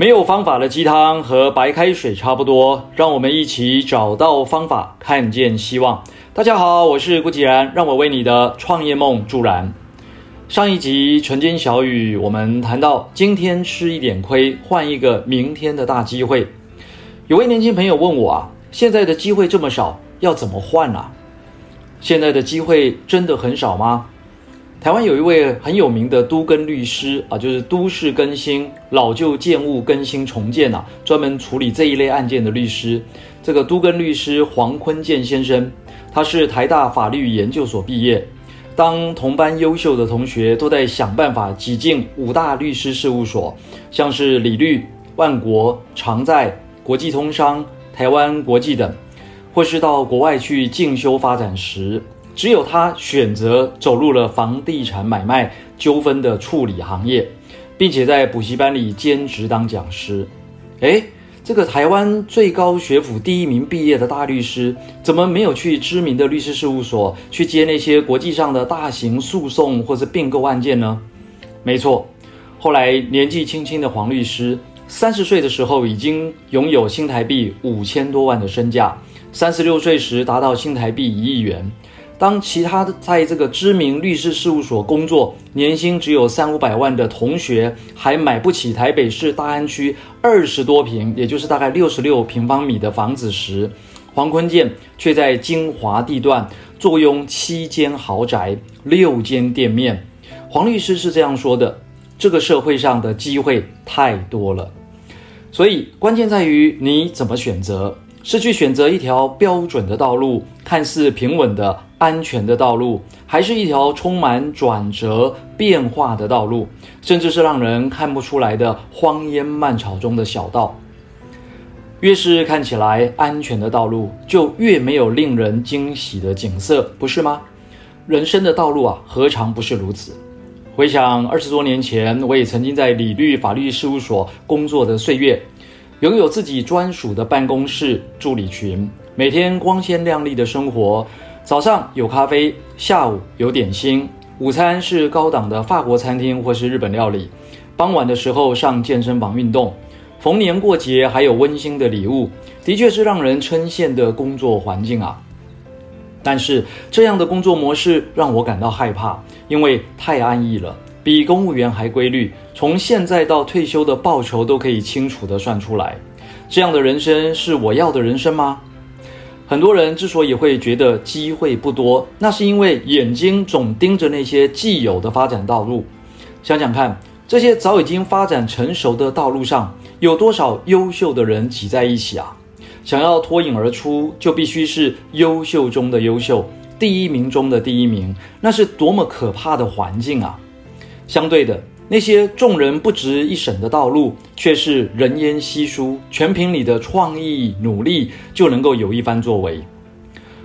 沒有方法的雞湯和白開水差不多，讓我們一起找到方法，看見希望。大家好，我是顧繼然，讓我為你的創業夢助燃。上一集《晨間小語》，我們談到今天吃一點虧，換一個明天的大機會。有位年輕朋友問我啊，現在的機會這麼少，要怎麼換啊？現在的機會真的很少嗎？台灣有一位很有名的都更律師啊，就是都市更新、老舊建物更新重建吶、啊，專門處理這一類案件的律師。這個都更律師黃坤健先生，他是台大法律研究所畢業，當同班優秀的同學都在想辦法擠進五大律師事務所，像是理律、萬國、常在、國際通商、台灣國際等，或是到國外去進修發展時，只有他選擇走入了房地產買賣糾紛的處理行業，並且在補習班裡兼職當講師。誒，這個台灣最高學府第一名畢業的大律師，怎麼沒有去知名的律師事務所去接那些國際上的大型訴訟或是併購案件呢？沒錯，後來年紀輕輕的黃律師，三十歲的時候已經擁有新台幣五千多萬的身價，三十六歲時達到新台幣一億元。當其他在這個知名律師事務所工作，年薪只有三五百萬的同學還買不起台北市大安區二十多平，也就是大概六十六平方米的房子時，黃坤健卻在精華地段坐擁七間豪宅、六間店面。黃律師是這樣說的：“這個社會上的機會太多了，所以關鍵在於你怎麼選擇，是去選擇一條標準的道路，看似平穩的。”安全的道路，還是一條充滿轉折變化的道路，甚至是讓人看不出來的荒煙蔓草中的小道。越是看起來安全的道路，就越沒有令人驚喜的景色，不是嗎？人生的道路啊，何嘗不是如此？回想二十多年前，我也曾經在理律法律事務所工作的歲月，擁有自己專屬的辦公室、助理群，每天光鮮亮麗的生活。早上有咖啡，下午有點心，午餐是高檔的法國餐廳或是日本料理，傍晚的時候上健身房運動，逢年過節還有溫馨的禮物，的確是讓人稱羨的工作環境啊。但是這樣的工作模式讓我感到害怕，因為太安逸了，比公務員還規律，從現在到退休的報酬都可以清楚地算出來，這樣的人生是我要的人生嗎？很多人之所以會覺得機會不多，那是因為眼睛總盯着那些既有的發展道路。想想看，這些早已經發展成熟的道路上，有多少優秀的人擠在一起啊？想要脫穎而出，就必須是優秀中的優秀，第一名中的第一名，那是多麼可怕的環境啊！相對的，那些眾人不值一哂的道路，卻是人煙稀疏，全憑你的創意努力就能夠有一番作為。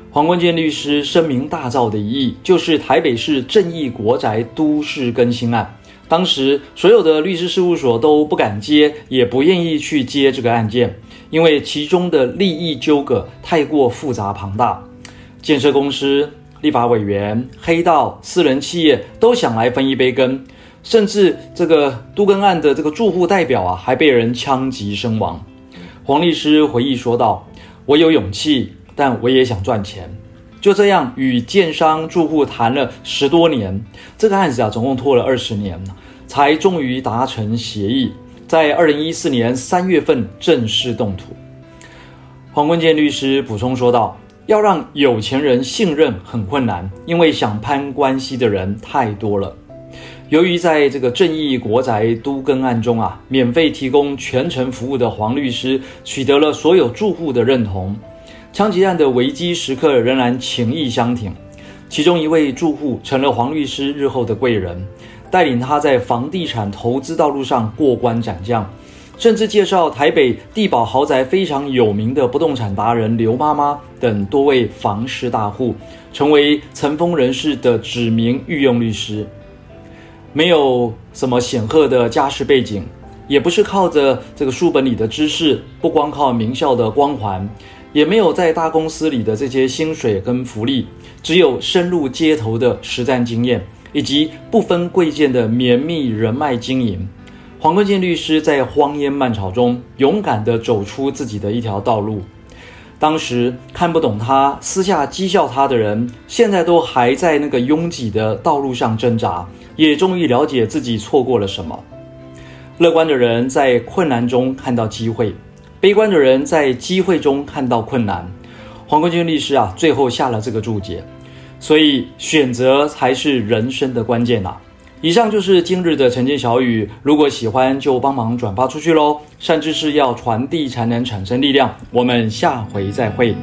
黃冠健律師聲名大噪的一役，就是台北市正義國宅都市更新案。當時所有的律師事務所都不敢接，也不願意去接這個案件，因為其中的利益糾葛太過複雜龐大，建設公司、立法委員、黑道、私人企業都想來分一杯羹。甚至這個都更案的這個住戶代表啊，還被人槍擊身亡。黃律師回憶說道：“我有勇氣，但我也想賺錢。”就這樣，與建商住戶談了十多年，這個案子啊，總共拖了二十年，才終於達成協議。在二零一四年三月份正式動土。黃坤健律師補充說道：“要讓有錢人信任很困難，因為想攀關係的人太多了。”由於在這個正義國宅都更案中啊，免費提供全程服務的黃律師取得了所有住戶的認同。槍擊案的危機時刻仍然情義相挺，其中一位住戶成了黃律師日後的貴人，帶領他在房地產投資道路上過關斬將，甚至介紹台北地保豪宅非常有名的不動產達人劉媽媽等多位房市大戶，成為層峰人士的指名御用律師。沒有什麼顯赫的家世背景，也不是靠着這個書本裡的知識，不光靠名校的光環，也沒有在大公司裡的這些薪水跟福利，只有深入街頭的實戰經驗，以及不分貴賤的綿密人脈經營。黃坤健律師在荒煙蔓草中勇敢地走出自己的一條道路。當時看不懂他，私下譏笑他的人，現在都還在那個擁擠的道路上掙扎。也終於了解自己錯過了什麼。樂觀的人在困難中看到機會，悲觀的人在機會中看到困難。黃國軍律師啊，最後下了這個注解。所以選擇才是人生的關鍵吶、啊。以上就是今日的晨間小語，如果喜歡就幫忙轉發出去嘍。善知識要傳遞才能產生力量。我們下回再會。